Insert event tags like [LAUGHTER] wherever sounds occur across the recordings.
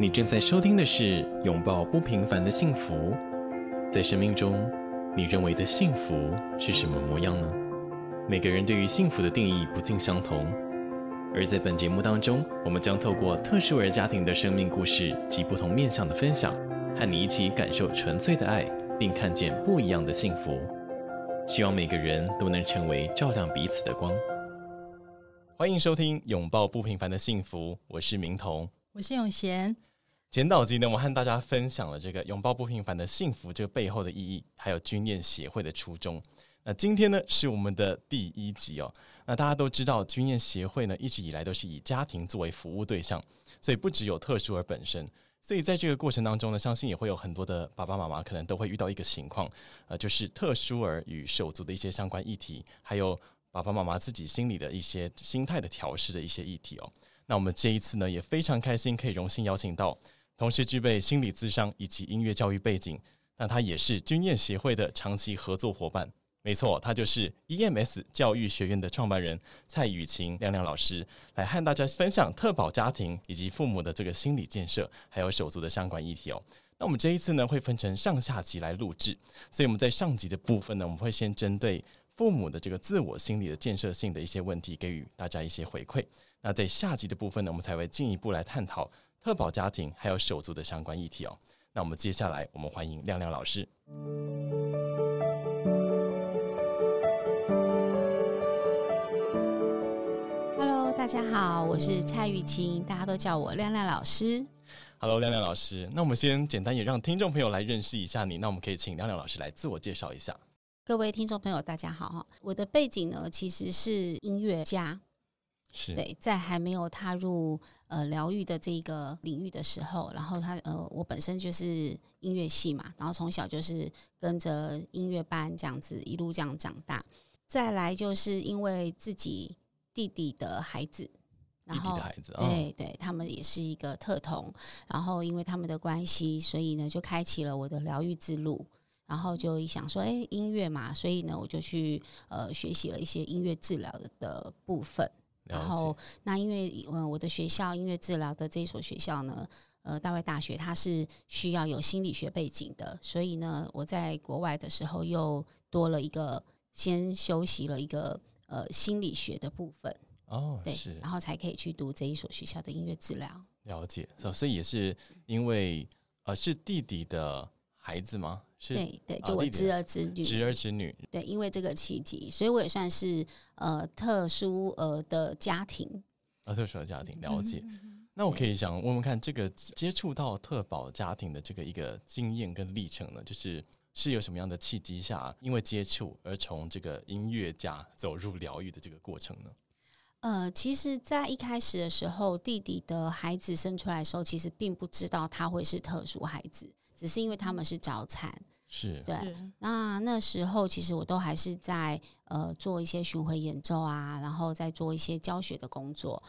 你正在收聽的是《擁抱不平凡的幸福》。在生命中，你認為的幸福是什麼模樣呢？每個人對於幸福的定義不盡相同。而在本節目當中，我們將透過特殊兒家庭的生命故事及不同面向的分享，和你一起感受純粹的愛，並看見不一樣的幸福。希望每個人都能成為照亮彼此的光。歡迎收聽《擁抱不平凡的幸福》，我是明彤，我是永賢。前導集呢，我和大家分享了這個擁抱不平凡的幸福這個背後的意義，還有鈞硯協會的初衷。那今天呢，是我們的第一集哦。那大家都知道，鈞硯協會呢一直以來都是以家庭作為服務對象，所以不只有特殊兒本身。所以在這個過程當中呢，相信也會有很多的爸爸媽媽可能都會遇到一個情況，呃，就是特殊兒與手足的一些相關議題，還有爸爸媽媽自己心裡的一些心態的調適的一些議題哦。那我們這一次呢，也非常開心可以榮幸邀請到。同時具備心理諮商以及音樂教育背景，那他也是鈞硯協會的長期合作夥伴。沒錯，他就是 EMS 教育學院的創辦人蔡瑀晴亮亮老師，來和大家分享特寶家庭以及父母的這個心理建設，還有手足的相關議題哦。那我們這一次呢，會分成上下集來錄製。所以我們在上集的部分呢，我們會先針對父母的這個自我心理的建設性的一些問題，給予大家一些回饋。那在下集的部分呢，我們才會進一步來探討。特寶家庭還有手足的相關議題哦。那我們接下來，我們歡迎亮亮老師。Hello，大家好，我是蔡瑀晴，大家都叫我亮亮老師。Hello，亮亮老師。那我們先簡單也讓聽眾朋友來認識一下你。那我們可以請亮亮老師來自我介紹一下。各位聽眾朋友，大家好。我的背景呢，其實是音樂家。是對，在還沒有踏入呃療癒的這個領域的時候，然後他呃，我本身就是音樂系嘛，然後從小就是跟着音樂班這樣子一路這樣長大。再來就是因為自己弟弟的孩子，然後弟弟的孩子，哦、對對，他們也是一個特童，然後因為他們的關係，所以呢就開啟了我的療癒之路。然後就一想說，哎、欸，音樂嘛，所以呢我就去呃學習了一些音樂治療的部分。然後，那因為嗯，我的學校音樂治療的這一所學校呢，呃，大衛大學它是需要有心理學背景的，所以呢，我在國外的時候又多了一個先修習了一個呃心理學的部分哦，對，是，然後才可以去讀這一所學校的音樂治療。了解，So, 所以也是因為呃，是弟弟的。孩子嗎？是對對，就我侄兒侄女，侄兒侄女。對，因為這個契機，所以我也算是呃特殊兒的家庭。啊，特殊的家庭，了解。 [LAUGHS] 那我可以想問問看這個接觸到特寶家庭的這個一個經驗跟歷程呢，就是是有什麼樣的契機下，因為接觸而從這個音樂家走入療癒的這個過程呢？呃，其實，在一開始的時候，弟弟的孩子生出來的時候，其實並不知道他會是特殊孩子。只是因為他們是早產，是對。是那那時候其實我都還是在呃做一些巡迴演奏啊，然後在做一些教學的工作。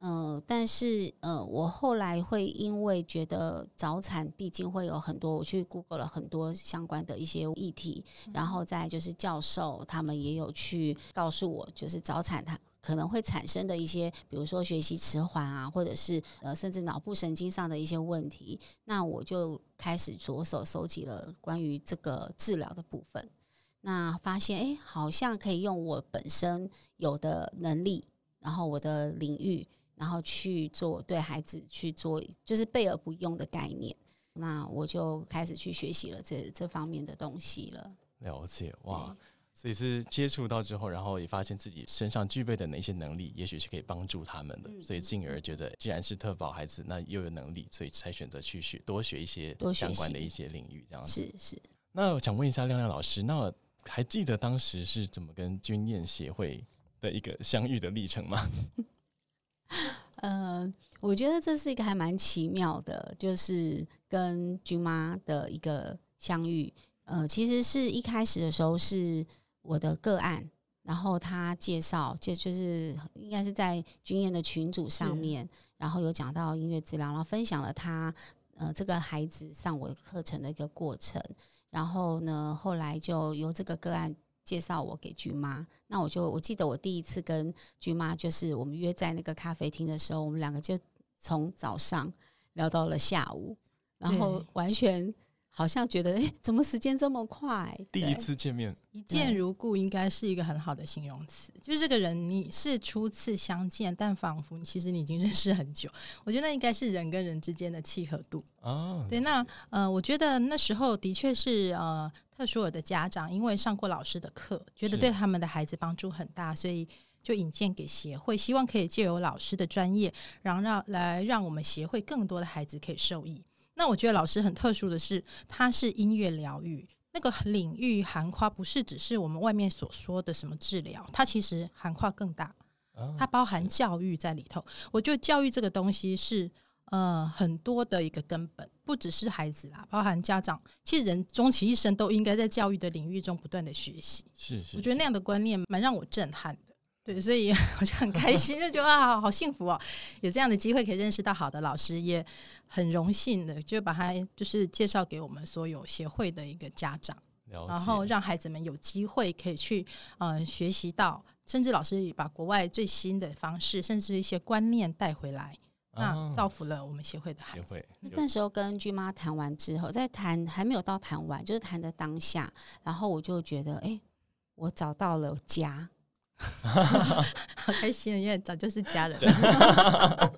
嗯、呃，但是呃，我後來會因為覺得早產畢竟會有很多，我去 Google 了很多相關的一些議題，然後再就是教授他們也有去告訴我，就是早產它可能會產生的一些，比如說學習遲緩啊，或者是呃，甚至腦部神經上的一些問題。那我就開始着手收集了關於這個治療的部分，那發現哎，好像可以用我本身有的能力，然後我的領域。然後去做，對孩子去做，就是備而不用的概念。那我就開始去學習了這這方面的東西了。了解，哇，所以是接觸到之後，然後也發現自己身上具備的哪些能力，也許是可以幫助他們的。嗯、所以進而覺得，既然是特寶孩子，那又有能力，所以才選擇去學多學一些相關的一些領域，這樣子。是是。那我想問一下亮亮老師，那還記得當時是怎麼跟鈞硯協會的一個相遇的歷程嗎？ [LAUGHS] 呃，我覺得這是一個還蠻奇妙的，就是跟君媽的一個相遇。呃，其實是一開始的時候是我的個案，然後他介紹，就就是應該是在鈞硯的群組上面、嗯，然後有講到音樂治療，然後分享了他呃這個孩子上我的課程的一個過程，然後呢，後來就由這個個案。介紹我給鈞媽，那我就我記得我第一次跟鈞媽，就是我們約在那個咖啡廳的時候，我們兩個就從早上聊到了下午，然後完全。好像覺得，誒，怎麼時間這麼快？第一次見面，一見如故，應該是一個很好的形容詞。就是這個人，你是初次相見，但仿佛其實你已經認識很久。我覺得那應該是人跟人之間的契合度。哦、啊，對，那呃，我覺得那時候的確是呃，特寶的家長因為上過老師的課，覺得對他們的孩子幫助很大，所以就引薦給協會，希望可以借由老師的專業，然後讓來讓我們協會更多的孩子可以受益。那我覺得老師很特殊的是，他是音樂療癒那個領域涵跨，不是只是我們外面所說的什麼治療，它其實涵跨更大，它包含教育在裡頭。哦，我覺得教育這個東西是呃很多的一個根本，不只是孩子啦，包含家長，其實人終其一生都應該在教育的領域中不斷的學習。是是，我覺得那樣的觀念蠻讓我震撼。對，所以我就很開心，就覺得 [LAUGHS] 啊，好幸福哦！有這樣的機會可以認識到好的老師，也很榮幸的就把他就是介紹給我們所有協會的一個家長，然後讓孩子們有機會可以去嗯、呃、學習到，甚至老師也把國外最新的方式，甚至一些觀念帶回來，嗯、那造福了我們協會的孩子。那時候跟鈞媽談完之後，在談還沒有到談完，就是談的當下，然後我就覺得，哎，我找到了家。 [LAUGHS] 好開心，因為早就是家人了。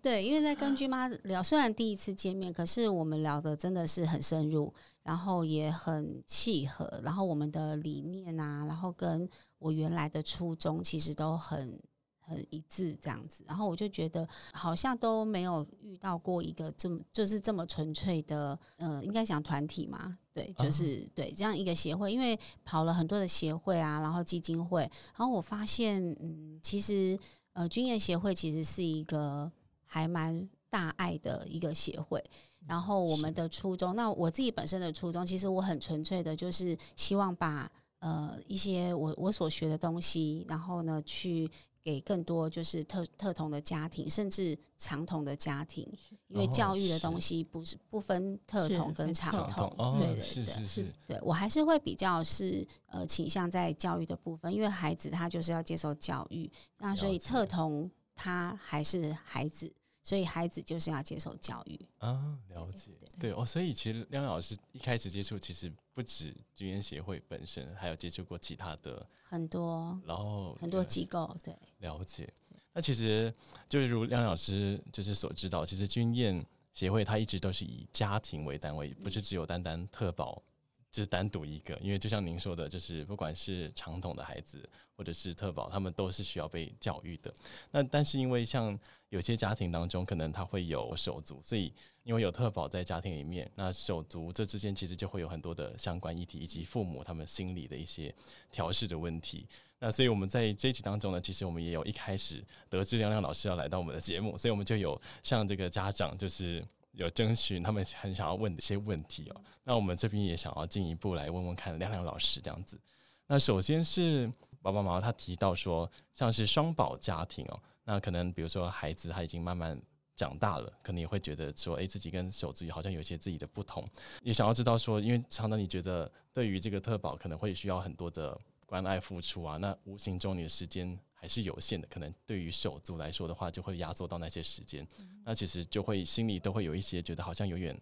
對， [LAUGHS] 對，因為在跟鈞媽聊，雖然第一次見面，可是我們聊的真的是很深入，然後也很契合，然後我們的理念啊，然後跟我原來的初衷其實都很。很一致這樣子，然後我就覺得好像都沒有遇到過一個這麼就是這麼純粹的，呃，應該講團體嘛，對，就是、啊、對這樣一個協會，因為跑了很多的協會啊，然後基金會，然後我發現，嗯，其實呃，鈞硯協會其實是一個還蠻大愛的一個協會，然後我們的初衷、嗯，那我自己本身的初衷，其實我很純粹的就是希望把呃一些我我所學的東西，然後呢去。給更多就是特特同的家庭，甚至長同的家庭，因為教育的東西不是不分特同跟長同，對對對，是，是，是，是，對我還是會比較是呃傾向在教育的部分，因為孩子他就是要接受教育，那所以特同他還是孩子。所以孩子就是要接受教育啊，了解，對，對，對哦。所以其實亮亮老師一開始接觸，其實不止鈞硯協會本身，還有接觸過其他的很多，然後很多機構，對了解對。那其實就如亮亮老師就是所知道，其實鈞硯協會它一直都是以家庭為單位，不是只有單單特寶。嗯就是單獨一個，因為就像您說的，就是不管是傳統的孩子，或者是特寶，他們都是需要被教育的。那但是因為像有些家庭當中，可能他會有手足，所以因為有特寶在家庭裡面，那手足這之間其實就會有很多的相關議題，以及父母他們心理的一些調適的問題。那所以我們在這一集當中呢，其實我們也有一開始得知亮亮老師要來到我們的節目，所以我們就有向這個家長就是。有徵詢他們很想要問的一些問題哦，那我們這邊也想要進一步來問問，問看亮亮老師這樣子。那首先是爸爸媽媽他提到說，像是雙寶家庭哦，那可能比如說孩子他已經慢慢長大了，可能也會覺得說，哎，自己跟手足好像有些自己的不同，也想要知道說，因為常常你覺得對於這個特寶可能會需要很多的關愛付出啊，那無形中你的時間，還是有限的，可能對於手足來說的話，就會壓縮到那些時間，嗯，那其實就會心裡都會有一些覺得好像有點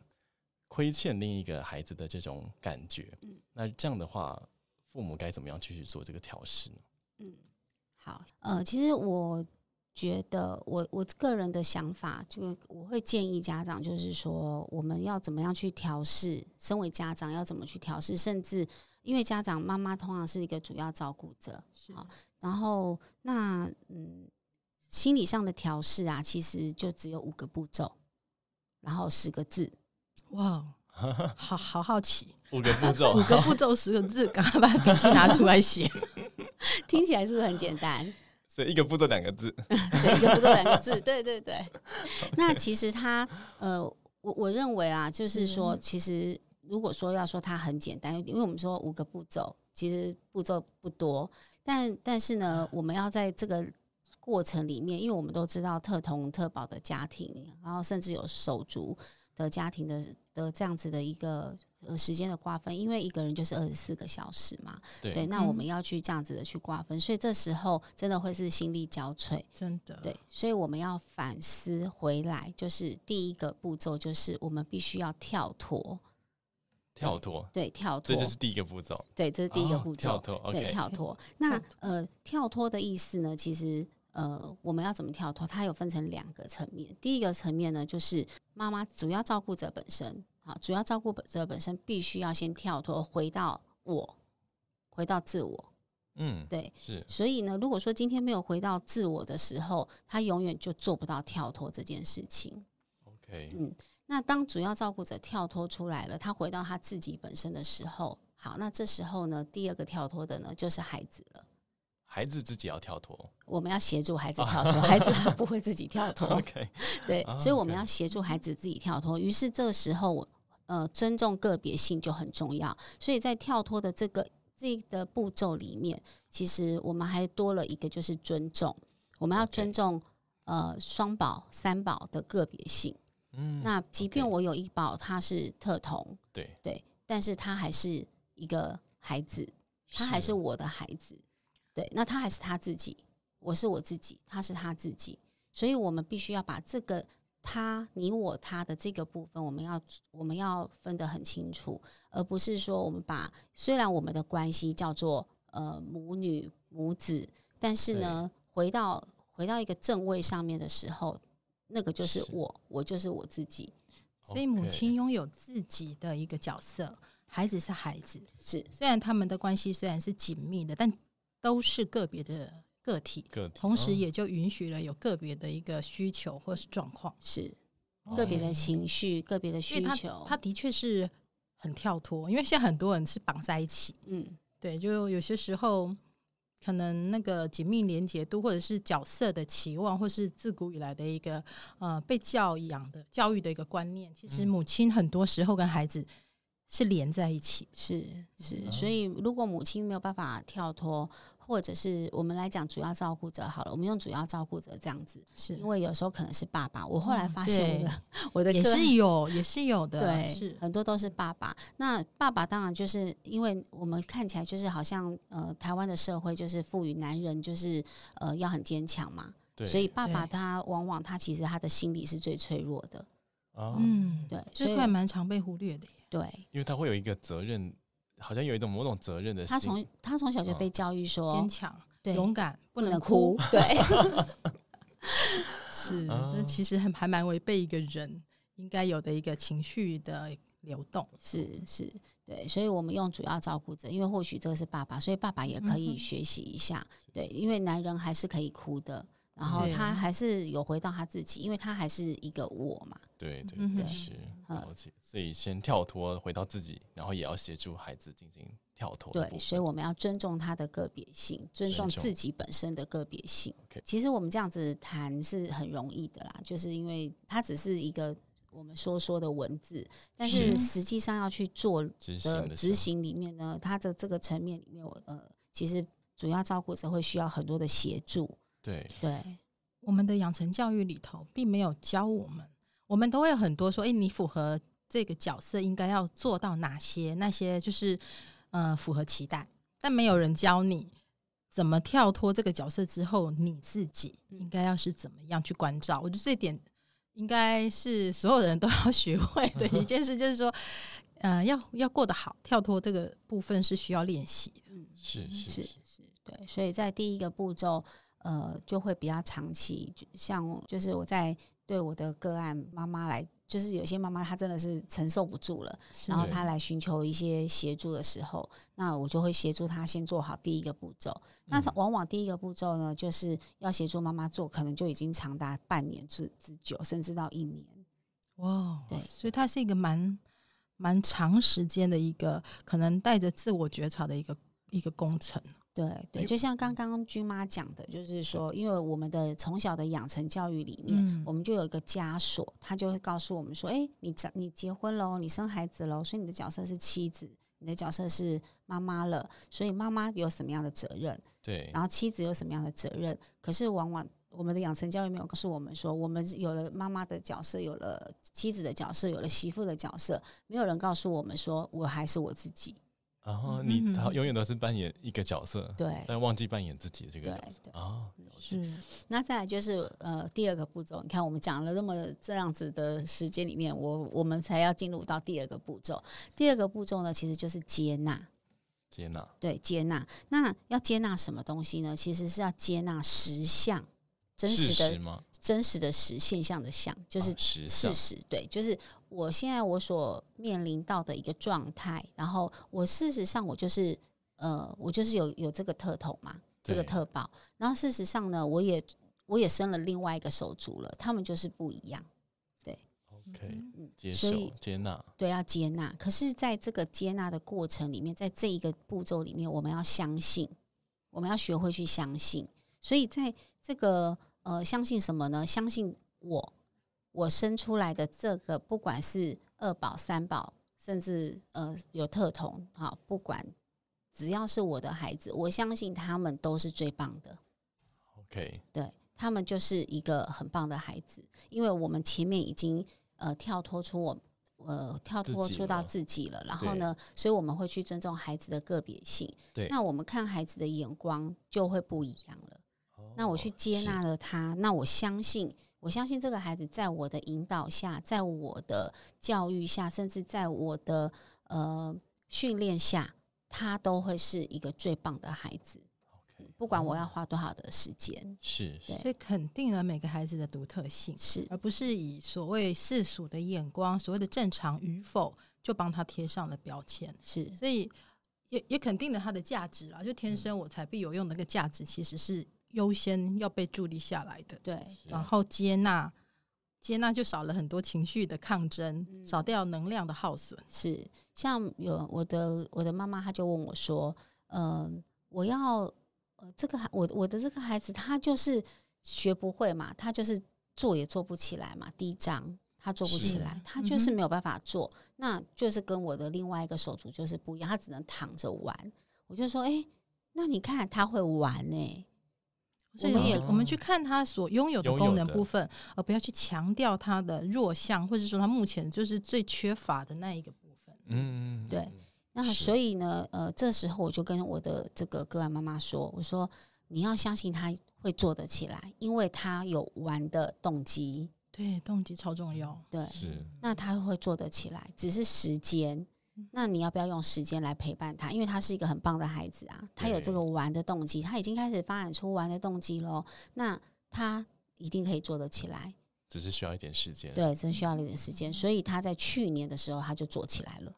虧欠另一個孩子的這種感覺，嗯。那這樣的話，父母該怎麼樣繼續做這個調適呢？嗯，好，呃，其實我覺得我，我我個人的想法，就我會建議家長，就是說，我們要怎麼樣去調適？身為家長要怎麼去調適？甚至因為家長媽媽通常是一個主要照顧者，是，哦然後，那嗯，心理上的調適啊，其實就只有五個步驟，然後十個字。哇、wow，好，好好奇，五個步驟，啊、五個步驟，十個字，趕 [LAUGHS] 快把筆記拿出來寫。 [LAUGHS] 聽起來是不是很簡單？所以一個步驟兩個字 [LAUGHS] 對，一個步驟兩個字，對對對。Okay. 那其實他，呃，我我認為啊，就是說，嗯、其實如果說要說他很簡單，因為我們說五個步驟。其實步驟不多，但但是呢，嗯、我們要在這個過程裡面，因為我們都知道特同特保的家庭，然後甚至有手足的家庭的的這樣子的一個時間的瓜分，因為一個人就是二十四個小時嘛，對，對，那我們要去這樣子的去瓜分，嗯、所以這時候真的會是心力交瘁，真的，對，所以我們要反思回來，就是第一個步驟就是我們必須要跳脫。跳脫，對，跳脫，這就是第一個步驟。對，這是第一個步驟，哦。跳脫，對，跳脫，okay。那呃，跳脫的意思呢？其實呃，我們要怎麼跳脫？它有分成兩個層面。第一個層面呢，就是媽媽主要照顧者本身，好，主要照顧者本身必須要先跳脫，回到我，回到自我。嗯，對，是。所以呢，如果說今天沒有回到自我的時候，他永遠就做不到跳脫這件事情。OK，嗯。那當主要照顧者跳脫出來了，他回到他自己本身的時候，好，那這時候呢，第二個跳脫的呢，就是孩子了。孩子自己要跳脫，我們要協助孩子跳脫， [LAUGHS] 孩子他不會自己跳脫。 [LAUGHS] OK，對，所以我們要協助孩子自己跳脫。okay. 於是這個時候，我呃，尊重個別性就很重要。所以在跳脫的這個這個步驟裡面，其實我們還多了一個，就是尊重。我們要尊重，okay. 呃，雙寶三寶的個別性。嗯、那即便我有醫保，他是特童，okay、對對，但是他還是一個孩子，他還是我的孩子，對，那他還是他自己，我是我自己，他是他自己，所以我們必須要把這個他、你、我、他的這個部分，我們要我們要分得很清楚，而不是說我們把雖然我們的關係叫做呃母女、母子，但是呢，回到回到一個正位上面的時候。那個就是我是，我就是我自己，所以母親擁有自己的一個角色，okay、孩子是孩子，是雖然他們的關係雖然是緊密的，但都是個別的個體，個體，同時也就允許了有個別的一個需求或是狀況，是個別的情緒，oh yeah. 個別的需求，他，他的確是很跳脫，因為現在很多人是綁在一起，嗯，對，就有些時候。可能那個緊密連結度，或者是角色的期望，或是自古以來的一個呃被教養的教育的一個觀念，其實母親很多時候跟孩子是連在一起的，嗯，是是，所以如果母親沒有辦法跳脫。或者是我們來講主要照顧者好了，我們用主要照顧者這樣子，是因為有時候可能是爸爸。我後來發現我的、嗯、 [LAUGHS] 我的也是有，也是有的，對，是很多都是爸爸。那爸爸當然就是因為我們看起來就是好像呃，台灣的社會就是賦予男人就是呃要很堅強嘛，對，所以爸爸他往往他其實他的心理是最脆弱的。嗯，嗯對，所以還蠻常被忽略的，對，因為他會有一個責任。好像有一種某種責任的事情。他從他從小就被教育說、嗯、堅強、對、勇敢，不能哭。不能哭，對， [LAUGHS] [LAUGHS] 是，那、嗯、其實還蠻違背一個人應該有的一個情緒的流動。是是，對，所以我們用主要照顧者，因為或許這個是爸爸，所以爸爸也可以、嗯、學習一下。對，因為男人還是可以哭的。然後他還是有回到他自己，yeah. 因為他還是一個我嘛。對對對，對是。所以先跳脫回到自己，然後也要協助孩子進行跳脫。對，所以我們要尊重他的個別性，尊重自己本身的個別性。Okay. 其實我們這樣子談是很容易的啦，就是因為他只是一個我們說說的文字，但是實際上要去做執行裡面呢，他的這個層面裡面，我呃，其實主要照顧者會需要很多的協助。對對，我們的養成教育裡頭並沒有教我們，我們都會有很多說，誒，你符合這個角色應該要做到哪些？那些就是呃，符合期待，但沒有人教你怎麼跳脫這個角色之後，你自己應該要是怎麼樣去關照？我覺得這點應該是所有的人都要學會的 [LAUGHS] 一件事，就是說，呃，要要過得好，跳脫這個部分是需要練習的。嗯，是是是，是，是，對，所以在第一個步驟。呃，就會比較長期，像就是我在對我的個案媽媽來，就是有些媽媽她真的是承受不住了，然後她來尋求一些協助的時候，那我就會協助她先做好第一個步驟。嗯、那往往第一個步驟呢，就是要協助媽媽做，可能就已經長達半年之之久，甚至到一年。哇，對，所以它是一個蠻蠻長時間的一個，可能帶着自我覺察的一個一個工程。對對，就像剛剛君媽講的，就是說，因為我們的從小的養成教育裡面，我們就有一個枷鎖，他就會告訴我們說，誒、欸，你結你結婚了，你生孩子了，所以你的角色是妻子，你的角色是媽媽了，所以媽媽有什麼樣的責任？對，然後妻子有什麼樣的責任？可是往往我們的養成教育沒有告訴我們說，我們有了媽媽的角色，有了妻子的角色，有了媳婦的角色，沒有人告訴我們說我還是我自己。然後你，他永遠都是扮演一個角色，對、嗯，但忘記扮演自己這個角色。對對哦是，是，那再來就是呃，第二個步驟，你看我們講了那麼這樣子的時間裡面，我我們才要進入到第二個步驟。第二個步驟呢，其實就是接納，接納，對，接納。那要接納什麼東西呢？其實是要接納實相。真實的實，真實的實現象的像就是事實，啊實，對，就是我現在我所面臨到的一個狀態，然後我事實上我就是呃，我就是有有這個特寶嘛，這個特寶。然後事實上呢，我也我也生了另外一個手足了，他們就是不一樣，對，OK，嗯，所以接納，對，要接納，可是在這個接納的過程裡面，在這一個步驟裡面，我們要相信，我們要學會去相信，所以在。這個呃，相信什麼呢？相信我，我生出來的這個，不管是二寶、三寶，甚至呃有特童，啊，不管只要是我的孩子，我相信他們都是最棒的。OK，對，他們就是一個很棒的孩子，因為我們前面已經呃跳脫出我呃跳脫出到自己了，己了，然後呢，所以我們會去尊重孩子的個別性。對，那我們看孩子的眼光就會不一樣了。那我去接納了他，哦，那我相信，我相信這個孩子在我的引導下，在我的教育下，甚至在我的呃訓練下，他都會是一個最棒的孩子。OK，哦，不管我要花多少的時間，是，所以肯定了每個孩子的獨特性，是，而不是以所謂世俗的眼光，所謂的正常與否，就幫他貼上了標籤。是，所以也也肯定了他的價值啦，就天生我才必有用的那個價值，其實是。優先要被助力下來的，對，然後接納，接納就少了很多情緒的抗爭，嗯、少掉能量的耗損。是，像有我的我的媽媽，她就問我說：“嗯、呃，我要這個我我的這個孩子，他就是學不會嘛，他就是做也做不起來嘛。第一章他做不起來，他就是沒有辦法做、嗯，那就是跟我的另外一個手足就是不一樣，他只能躺着玩。我就說：哎、欸，那你看他會玩呢、欸。”所以，我們也我們去看他所擁有的功能的部分，而不要去強調他的弱項，或者說他目前就是最缺乏的那一個部分。嗯嗯，嗯，對。那所以呢，呃，這時候我就跟我的這個個案媽媽說，我說你要相信他會做得起來，因為他有玩的動機。對，動機超重要。對，是。那他會做得起來，只是時間。那你要不要用時間來陪伴他？因為他是一個很棒的孩子啊，他有這個玩的動機，他已經開始發展出玩的動機嘍。那他一定可以做得起來，只是需要一點時間。對，只是需要一點時間。所以他在去年的時候他就做起來了。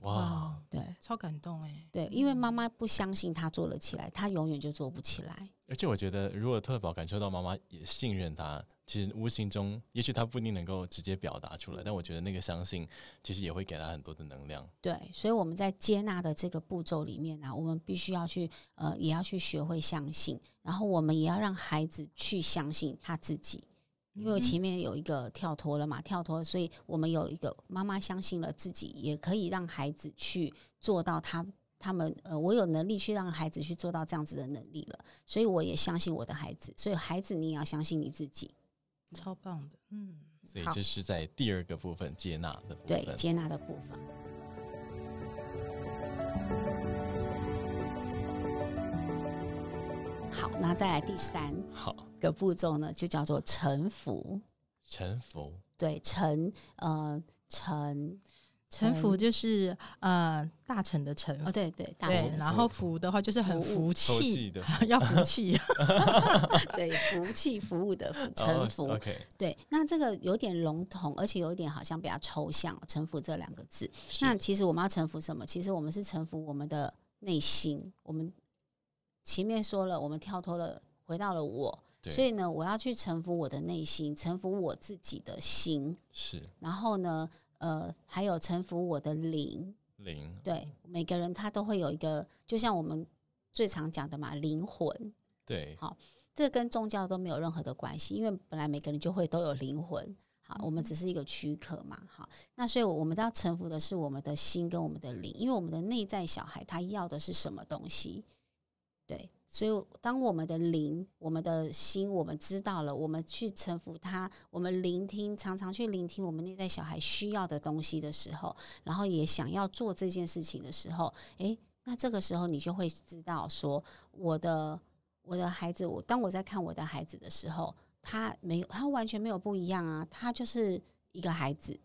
哇、wow，對，超感動誒。對，因為媽媽不相信他做得起來，他永遠就做不起來。而且我覺得，如果特寶感受到媽媽也信任他。其實無形中，也許他不一定能夠直接表達出來，但我覺得那個相信其實也會給他很多的能量。對，所以我們在接納的這個步驟裡面呢、啊，我們必須要去呃，也要去學會相信，然後我們也要讓孩子去相信他自己。因為前面有一個跳脫了嘛，嗯、跳脫，所以我們有一個媽媽相信了自己，也可以讓孩子去做到他他們呃，我有能力去讓孩子去做到這樣子的能力了，所以我也相信我的孩子。所以孩子，你也要相信你自己。超棒的，嗯，所以這是在第二個部分接納的部分。對，接納的部分。好，那再來第三，好個步驟呢，就叫做臣服。臣服。對，臣，嗯、呃，臣。臣服就是、嗯、呃，大臣的臣哦，對對大臣，臣對。然後服的話就是很服氣，服服服 [LAUGHS] 要服氣， [LAUGHS] [LAUGHS] 對，服氣服務的臣服，oh, okay. 對，那這個有點籠統，而且有一點好像比較抽象，臣服這兩個字。那其實我們要臣服什麼？其實我們是臣服我們的內心。我們前面說了，我們跳脫了，回到了我，所以呢，我要去臣服我的內心，臣服我自己的心。是，然後呢？呃，還有臣服我的靈，靈，對，每個人他都會有一個，就像我們最常講的嘛，靈魂，對，好，這跟宗教都沒有任何的關係，因為本來每個人就會都有靈魂，好，我們只是一個軀殼嘛，好，那所以我們都要臣服的是我們的心跟我們的靈，因為我們的內在小孩他要的是什麼東西，對。所以，當我們的靈，我們的心，我們知道了，我們去臣服他，我們聆聽，常常去聆聽我們內在小孩需要的東西的時候，然後也想要做這件事情的時候，誒、欸，那這個時候你就會知道說，我的我的孩子，我當我在看我的孩子的時候，他沒有，他完全沒有不一樣啊，他就是一個孩子，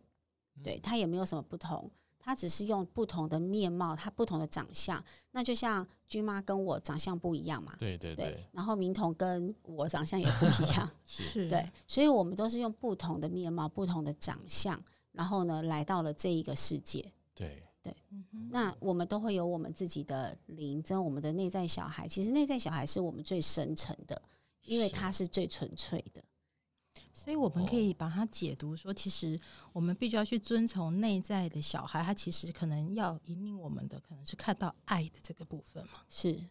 對，他也沒有什麼不同。他只是用不同的面貌，他不同的長相，那就像君媽跟我長相不一樣嘛。對，對對對。然後明童跟我長相也不一樣， [LAUGHS] 是。對，所以我們都是用不同的面貌、不同的長相，然後呢，來到了這一個世界。對對。嗯哼。那我們都會有我們自己的靈，跟我們的內在小孩。其實內在小孩是我們最深沉的，因為他是最純粹的。所以我們可以把它解讀說，其實我們必須要去遵從內在的小孩，他其實可能要引領我們的，可能是看到愛的這個部分嘛。是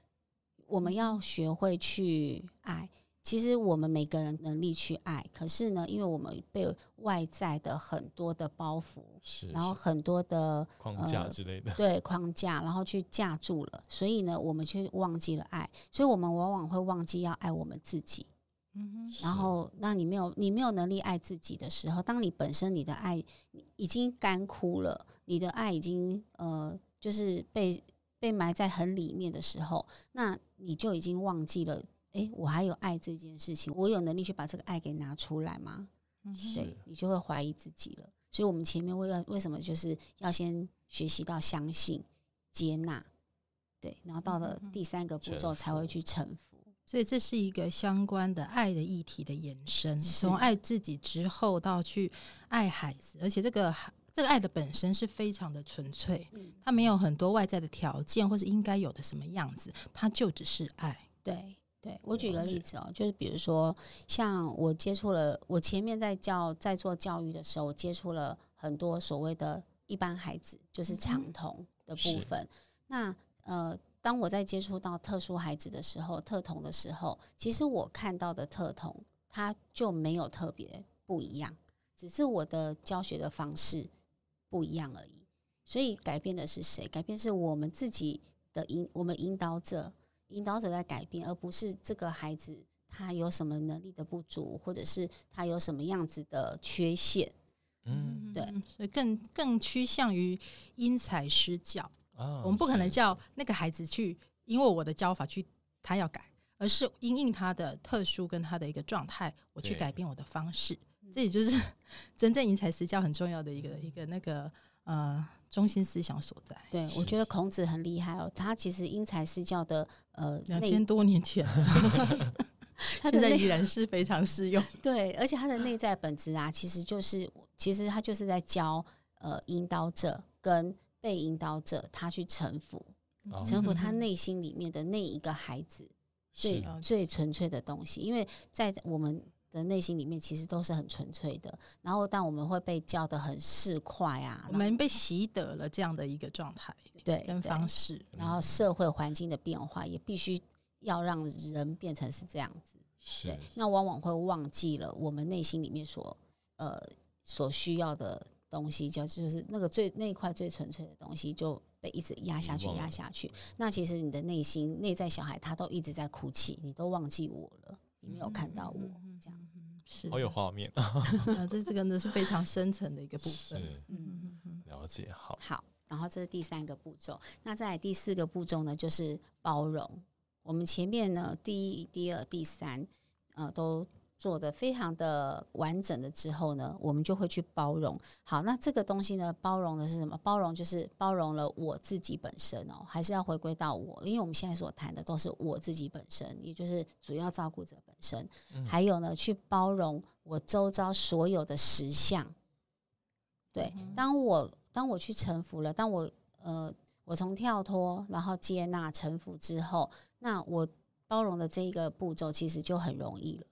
我們要學會去愛，其實我們每個人能力去愛，可是呢，因為我們被外在的很多的包袱，是，是，然後很多的、框架之類的、呃，對，框架，然後去架住了，所以呢，我們卻忘記了愛，所以我們往往會忘記要愛我們自己。嗯、然後，那你沒有你沒有能力愛自己的時候，當你本身你的愛已經乾枯了，你的愛已經呃，就是被被埋在很裡面的時候，那你就已經忘記了，哎，我還有愛這件事情，我有能力去把這個愛給拿出來嗎？嗯、對，你就會懷疑自己了。所以我們前面為了為什麼就是要先學習到相信、接納，對，然後到了第三個步驟才會去成。所以這是一個相關的愛的議題的延伸，從愛自己之後到去愛孩子，而且這個這個愛的本身是非常的純粹，嗯、它沒有很多外在的條件或是應該有的什麼樣子，它就只是愛。對，對，我舉一個例子哦，就是比如說像我接觸了，我前面在教在做教育的時候，接觸了很多所謂的一般孩子，就是常童的部分。嗯、那呃。當我在接觸到特殊孩子的時候，特童的時候，其實我看到的特童，他就沒有特別不一樣，只是我的教學的方式不一樣而已。所以改變的是誰？改變是我們自己的引，我們引導者，引導者在改變，而不是這個孩子他有什麼能力的不足，或者是他有什麼樣子的缺陷。嗯，對，所以更更趨向於因材施教。Oh, 我們不可能叫那個孩子去，因為我的教法，去他要改，而是因應他的特殊跟他的一個狀態，我去改變我的方式。這也就是真正因材施教很重要的一個一個那個呃中心思想所在。對，是是我覺得孔子很厲害哦，他其實因材施教的呃兩千多年前 [LAUGHS] [LAUGHS] 現在依然是非常適用。 [LAUGHS] 對，而且他的內在本質啊，其實就是其實他就是在教呃引導者跟。被引導者，他去臣服，嗯、臣服他內心裡面的那一個孩子，最，是啊、最最純粹的東西。因為在我們的內心裡面，其實都是很純粹的。然後，但我們會被教得很市儈啊，我們被習得了這樣的一個狀態，對，跟方式。然後，社會環境的變化也必須要讓人變成是這樣子。是，是。那往往會忘記了我們內心裡面所呃所需要的。東西就就是那個最，那塊最純粹的東西就被一直壓下去壓下去、嗯，那其實你的內心內在小孩他都一直在哭泣，你都忘記我了，你沒有看到我、嗯、這樣，是好有畫面 [LAUGHS] [LAUGHS] [LAUGHS] 這這個呢是非常深層的一個部分。嗯哼哼，了解好，好，然後這是第三個步驟，那再來第四個步驟呢，就是包容，我們前面呢第一、第二、第三，呃都。做得非常的完整了之後呢，我們就會去包容。好，那這個東西呢，包容的是什麼？包容就是包容了我自己本身哦、喔，還是要回歸到我，因為我們現在所談的都是我自己本身，也就是主要照顧者本身。嗯、還有呢，去包容我周遭所有的實相。對，當我當我去臣服了，當我呃，我從跳脫，然後接納臣服之後，那我包容的這一個步驟其實就很容易了。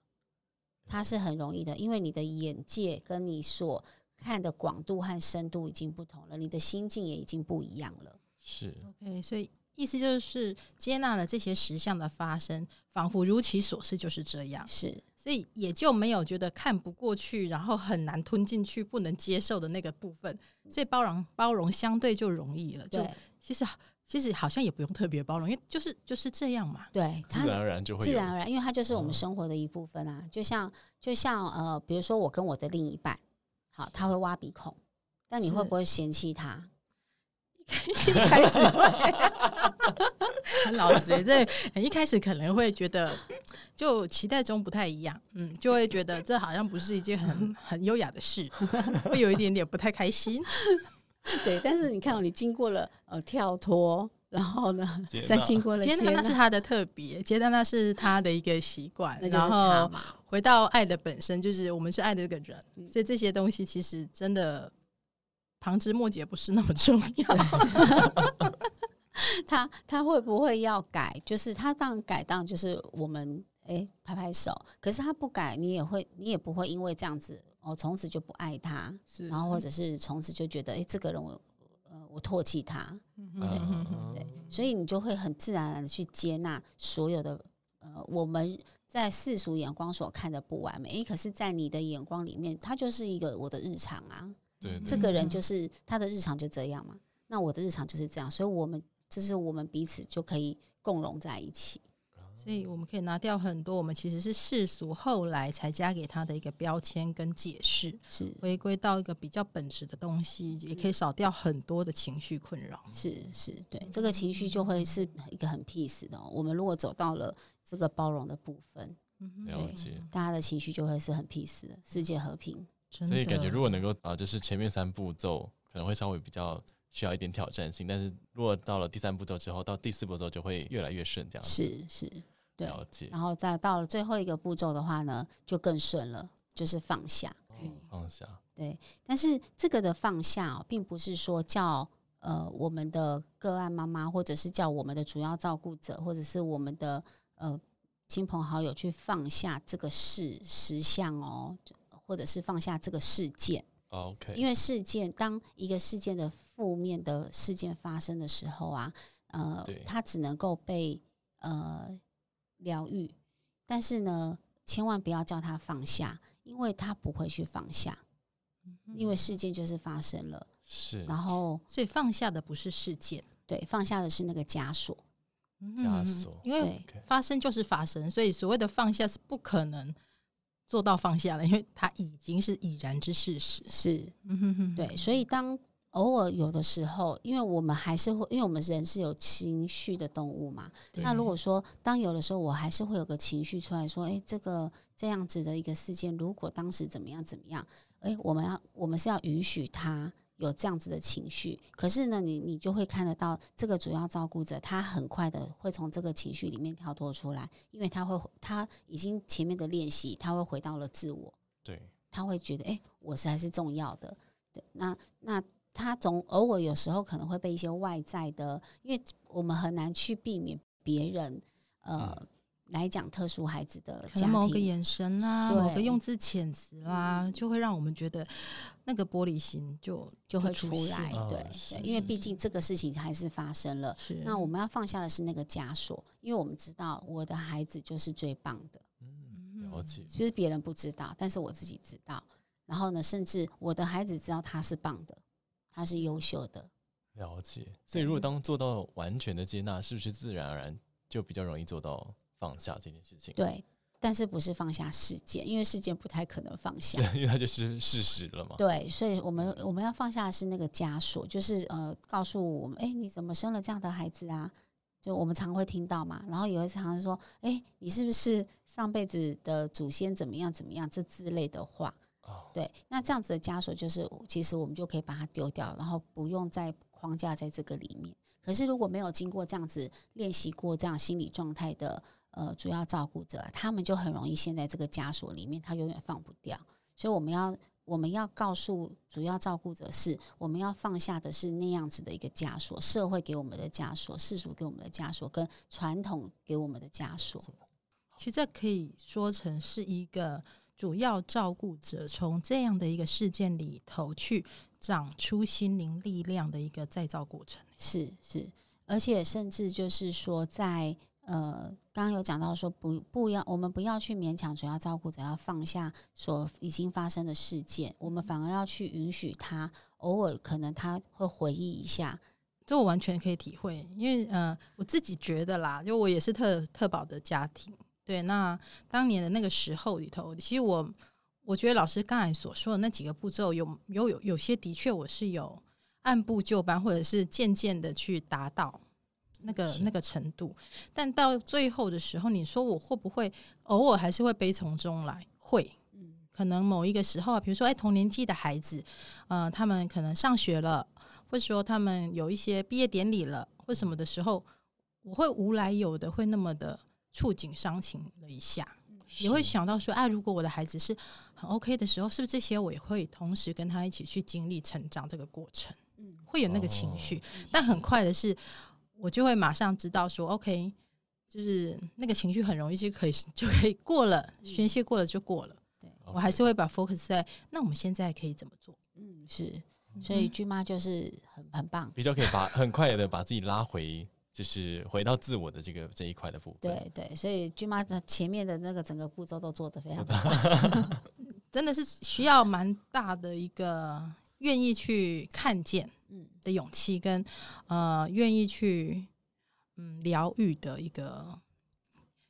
它是很容易的，因為你的眼界跟你所看的廣度和深度已經不同了，你的心境也已經不一樣了。是，OK，所以意思就是接納了這些實相的發生，仿佛如其所是就是這樣。是，所以也就沒有覺得看不過去，然後很難吞進去、不能接受的那個部分，所以包容包容相對就容易了。對，就其實。其實好像也不用特別包容，因為就是就是這樣嘛。對，自然而然就會自然而然，因為它就是我們生活的一部分啊。嗯、就像就像呃，比如說我跟我的另一半，好，他會挖鼻孔，但你會不會嫌棄他？ [LAUGHS] 一開始會 [LAUGHS] 很老實，這一開始可能會覺得就期待中不太一樣，嗯，就會覺得這好像不是一件很很優雅的事，會有一點點不太開心。 [LAUGHS] 對，但是你看到你經過了呃跳脫，然後呢，再經過了接，接納，那是他的特別，接納那是他的一個習慣，嗯，然後回到愛的本身，就是我們是愛的一個人，嗯，所以這些東西其實真的旁枝末節不是那麼重要。 [LAUGHS] [LAUGHS] 他他會不會要改？就是他當改當就是我們哎，欸，拍拍手，可是他不改，你也會你也不會因為這樣子。我、哦、從此就不愛他，然後或者是從此就覺得，哎、欸，這個人我，呃、我唾棄他，嗯、對、嗯、對，所以你就會很自然而然的去接納所有的，呃，我們在世俗眼光所看的不完美，哎、欸，可是，在你的眼光裡面，他就是一個我的日常啊，對,對，這個人就是、嗯、他的日常就這樣嘛，那我的日常就是這樣，所以我們就是我們彼此就可以共融在一起。所以我們可以拿掉很多，我們其實是世俗後來才加給他的一個標籤跟解釋，是回歸到一個比較本質的東西，也可以少掉很多的情緒困擾。是是，對，這個情緒就會是一個很 peace 的。我們如果走到了這個包容的部分，嗯哼，了解，大家的情緒就會是很 peace 的，世界和平。所以感覺如果能夠啊，就是前面三步驟可能會稍微比較。需要一點挑戰性，但是如果到了第三步驟之後，到第四步驟就會越來越順，這樣是是對，了解。然後再到了最後一個步驟的話呢，就更順了，就是放下 okay，哦，放下。對，但是這個的放下哦，並不是說叫呃我們的個案媽媽，或者是叫我們的主要照顧者，或者是我們的呃親朋好友去放下這個事實相哦，或者是放下這個事件。哦，OK，因為事件當一個事件的。負面的事件發生的時候啊，呃，他只能夠被呃療癒，但是呢，千萬不要叫他放下，因為他不會去放下，因為事件就是發生了。是、嗯，然後，所以放下的不是事件，對，放下的是那個枷鎖，枷鎖、嗯，因為發生就是發生，所以所謂的放下是不可能做到放下的，因為他已經是已然之事實。是，嗯，對，所以當。偶爾有的時候，因為我們還是會，因為我們人是有情緒的動物嘛。那如果說，當有的時候，我還是會有個情緒出來，說，誒、欸，這個這樣子的一個事件，如果當時怎麼樣怎麼樣，誒、欸，我們要，我們是要允許他有這樣子的情緒。可是呢，你你就會看得到，這個主要照顧者，他很快的會從這個情緒裡面跳脫出來，因為他會，他已經前面的練習，他會回到了自我，對，他會覺得，誒、欸，我是還是重要的，對，那那。他總，偶爾有時候可能會被一些外在的，因為我們很難去避免別人，呃，嗯，來講特殊孩子的講某個眼神啊，某個用字遣詞啦，就會讓我們覺得那個玻璃心就就會出來。出啊啊、對，是是是對，因為畢竟這個事情還是發生了。是。那我們要放下的是那個枷鎖，因為我們知道我的孩子就是最棒的。嗯，而且就是別人不知道，但是我自己知道。然後呢，甚至我的孩子知道他是棒的。他是優秀的，了解。所以，如果當做到完全的接納，是不是自然而然就比較容易做到放下這件事情？對，但是不是放下事件，因為事件不太可能放下，對，因為它就是事實了嘛。對，所以我們我們要放下的是那個枷鎖、嗯，就是呃，告訴我們，哎、欸，你怎麼生了這樣的孩子啊？就我們常會聽到嘛。然後也會常常說，哎、欸，你是不是上輩子的祖先怎麼樣怎麼樣這之類的話。對，那這樣子的枷鎖就是，其實我們就可以把它丟掉，然後不用再框架在這個裡面。可是如果沒有經過這樣子練習過，這樣心理狀態的呃主要照顧者，他們就很容易陷在這個枷鎖裡面，他永遠放不掉。所以我們要我們要告訴主要照顧者是，是我們要放下的是那樣子的一個枷鎖，社會給我們的枷鎖，世俗給我們的枷鎖，跟傳統給我們的枷鎖。其實這可以說成是一個。主要照顧者從這樣的一個事件裡頭去長出心靈力量的一個再造過程，是是，而且甚至就是說在、在呃，剛剛有講到說不不要，我們不要去勉強主要照顧者要放下所已經發生的事件，我們反而要去允許他偶爾可能他會回憶一下，這、嗯、我完全可以體會，因為呃，我自己覺得啦，因為我也是特特寶的家庭。對，那當年的那個時候裡頭，其實我我覺得老師剛才所說的那幾個步驟有，有有有有些的確我是有按部就班，或者是漸漸的去達到那個那個程度。但到最後的時候，你說我會不會偶爾還是會悲從中來？會，嗯、可能某一個時候，比如說哎，同年紀的孩子，嗯、呃，他們可能上學了，或者說他們有一些畢業典禮了或什麼的時候，我會無來由的會那麼的。觸景傷情了一下，也會想到說：“哎、啊，如果我的孩子是很 OK 的時候，是不是這些我也會同時跟他一起去經歷成長這個過程？嗯、會有那個情緒、哦，但很快的是、嗯，我就會馬上知道說、嗯、：OK，就是那個情緒很容易就可以就可以過了，宣、嗯、泄過了就過了。對，OK、我還是會把 focus 在那，我們現在可以怎麼做？嗯，是，所以鈞媽就是很很棒，比較可以把很快的把自己拉回。 [LAUGHS] ”就是回到自我的這個這一塊的部分對，對對，所以鈞媽她前面的那個整個步驟都做得非常的棒， [LAUGHS] [LAUGHS] 真的是需要蠻大的一個願意去看見、呃去，嗯，的勇氣跟呃願意去嗯療癒的一個，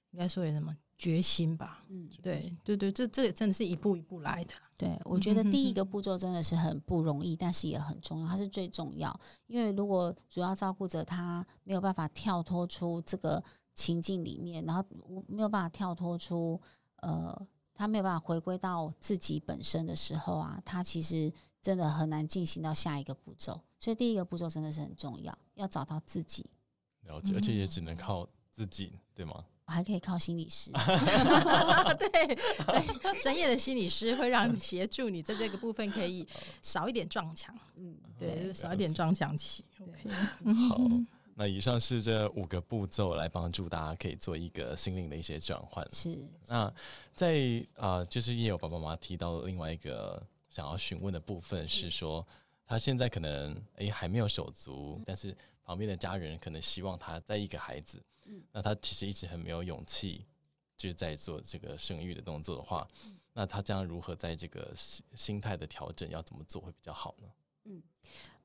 應該說為什麼？決心吧，嗯，對，對對，這這也真的是一步一步來的對。對我覺得第一個步驟真的是很不容易，但是也很重要，它是最重要。因為如果主要照顧者他沒有辦法跳脫出這個情境裡面，然後我沒有辦法跳脫出，呃，他沒有辦法回歸到自己本身的時候啊，他其實真的很難進行到下一個步驟。所以第一個步驟真的是很重要，要找到自己。了解，而且也只能靠自己，嗯、對嗎？我還可以靠心理師 [LAUGHS] [LAUGHS] 對，對，專 [LAUGHS] 業的心理師會讓你協助你在這個部分可以少一點撞牆、 [LAUGHS] 嗯，嗯，對，少一點撞牆期 OK， [LAUGHS] 好，那以上是這五個步驟，來幫助大家可以做一個心靈的一些轉換。是，那在啊、呃，就是也有爸爸媽媽提到另外一個想要詢問的部分是說，是他現在可能哎、欸、還沒有手足，嗯、但是旁邊的家人可能希望他再一個孩子。那他其實一直很沒有勇氣，就是在做這個生育的動作的話，那他這樣如何在這個心心態的調整要怎麼做會比較好呢？嗯，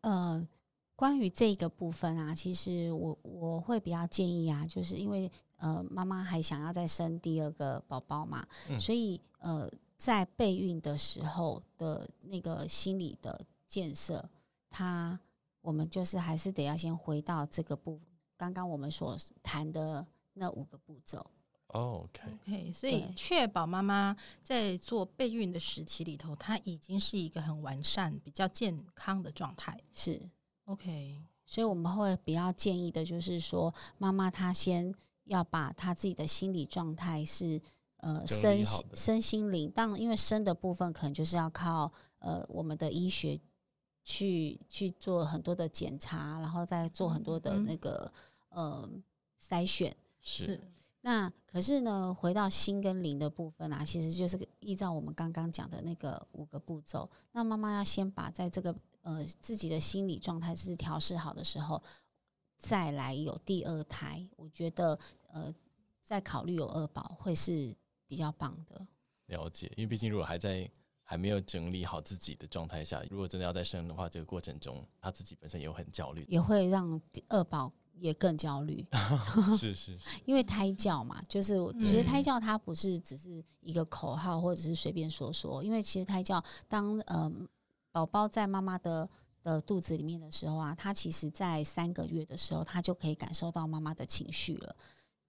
呃，關於這個部分啊，其實我我會比較建議啊，就是因為呃媽媽還想要再生第二個寶寶嘛，所以呃在備孕的時候的那個心理的建設，他我們就是還是得要先回到這個部分，剛剛我們所談的那五個步驟。oh，OK，OK，okay. okay, 所以確保媽媽在做備孕的時期裡頭，她已經是一個很完善、比較健康的狀態，是 OK。所以我們會比較建議的就是說，媽媽她先要把她自己的心理狀態是呃身身心靈，當然因為身的部分可能就是要靠呃我們的醫學去去做很多的檢查，然後再做很多的那個。嗯嗯呃，篩選是，是那。可是呢，回到心跟靈的部分啊，其實就是依照我們剛剛講的那個五個步驟。那媽媽要先把在這個呃自己的心理狀態是調適好的時候，再來有第二胎，我覺得呃，再考慮有二寶會是比較棒的。了解，因為畢竟如果還在還沒有整理好自己的狀態下，如果真的要再生的話，這個過程中他自己本身也很焦慮，也會讓二寶。也更焦慮， [LAUGHS] 是是、是，因為胎教嘛，就是其實胎教它不是只是一個口號或者是隨便說說，因為其實胎教當呃寶寶在媽媽的的肚子裡面的時候啊，他其實在三個月的時候，他就可以感受到媽媽的情緒了。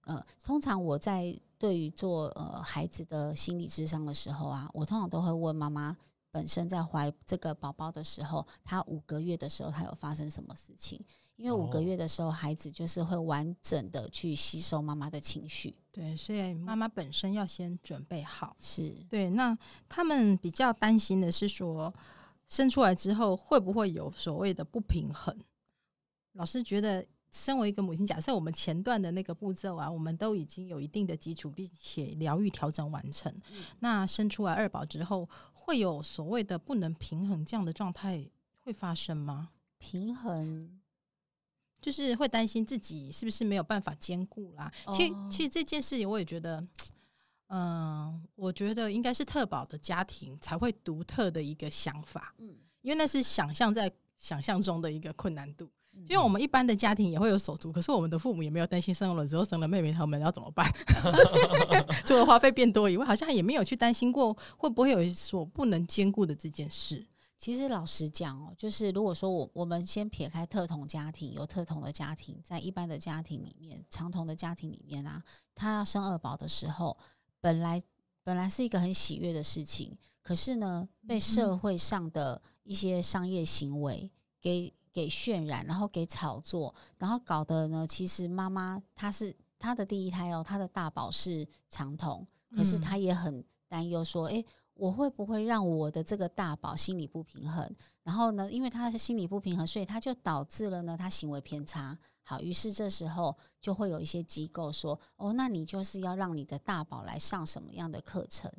呃，通常我在對於做呃孩子的心理諮商的時候啊，我通常都會問媽媽本身在懷這個寶寶的時候，他五個月的時候他有發生什麼事情。因為五個月的時候，孩子就是會完整的去吸收媽媽的情緒。對，所以媽媽本身要先準備好。是對。那他們比較擔心的是說，生出來之後會不會有所謂的不平衡？老師覺得，身為一個母親，假設我們前段的那個步驟啊，我們都已經有一定的基礎，並且療癒調整完成。嗯。那生出來二寶之後，會有所謂的不能平衡這樣的狀態會發生嗎？平衡。就是會擔心自己是不是沒有辦法兼顧啦。其實，其實這件事情我也覺得，嗯，我覺得應該是特寶的家庭才會獨特的一個想法。嗯，因為那是想象在想象中的一個困難度。因為我們一般的家庭也會有手足，可是我們的父母也沒有擔心生了之後，生了妹妹他們要怎麼辦。 [LAUGHS] [LAUGHS] 除了花費變多以外，好像也沒有去擔心過會不會有所不能兼顧的這件事。其實老實講哦，就是如果說我我們先撇開特同家庭有特同的家庭，在一般的家庭裡面，長同的家庭裡面啊，他要生二寶的時候，本來本來是一個很喜悅的事情，可是呢，被社會上的一些商業行為給給渲染，然後給炒作，然後搞得呢，其實媽媽她是她的第一胎哦，她的大寶是長同，可是她也很擔憂說，哎。我會不會讓我的這個大寶心理不平衡？然後呢，因為他的心理不平衡，所以他就導致了呢，他行為偏差。好，於是這時候就會有一些機構說：“哦，那你就是要讓你的大寶來上什麼樣的課程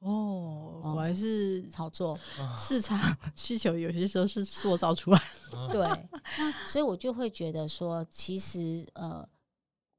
哦？”哦，果然是炒作、啊、市場需求，有些時候是塑造出來的、啊。對，那所以我就會覺得說，其實呃，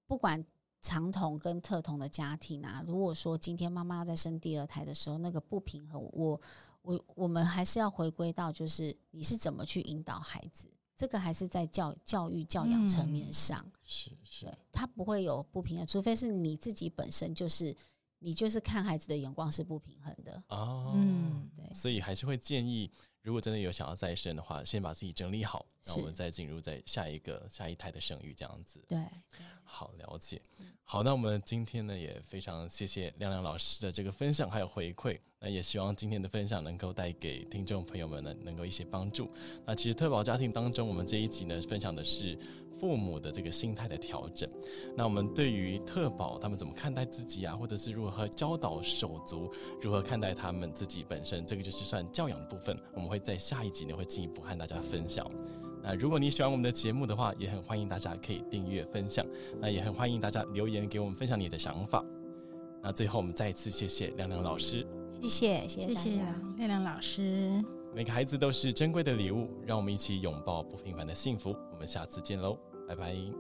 不管。長童跟特童的家庭啊，如果說今天媽媽要在生第二胎的時候，那個不平衡，我我我們還是要回歸到，就是你是怎麼去引導孩子，這個還是在教教育教養層面上、嗯，是，是對，他不會有不平衡，除非是你自己本身就是。你就是看孩子的眼光是不平衡的啊，嗯、哦，對，所以還是會建議，如果真的有想要再生的話，先把自己整理好，然後我們再進入在下一個下一胎的生育這樣子。對，好了解。好，那我們今天呢也非常謝謝亮亮老師的這個分享還有回饋，那也希望今天的分享能夠帶給聽眾朋友們呢能夠一些幫助。那其實特寶家庭當中，我們這一集呢分享的是，父母的這個心態的調整，那我們對於特寶他們怎麼看待自己啊，或者是如何教導手足，如何看待他們自己本身，這個就是算教養部分。我們會在下一集呢會進一步和大家分享。那如果你喜歡我們的節目的話，也很歡迎大家可以訂閱分享，那也很歡迎大家留言給我們分享你的想法。那最後我們再一次謝謝亮亮老師，謝謝謝謝,謝謝亮亮老師。每個孩子都是珍貴的禮物，讓我們一起擁抱不平凡的幸福。我們下次見嘍。拜拜。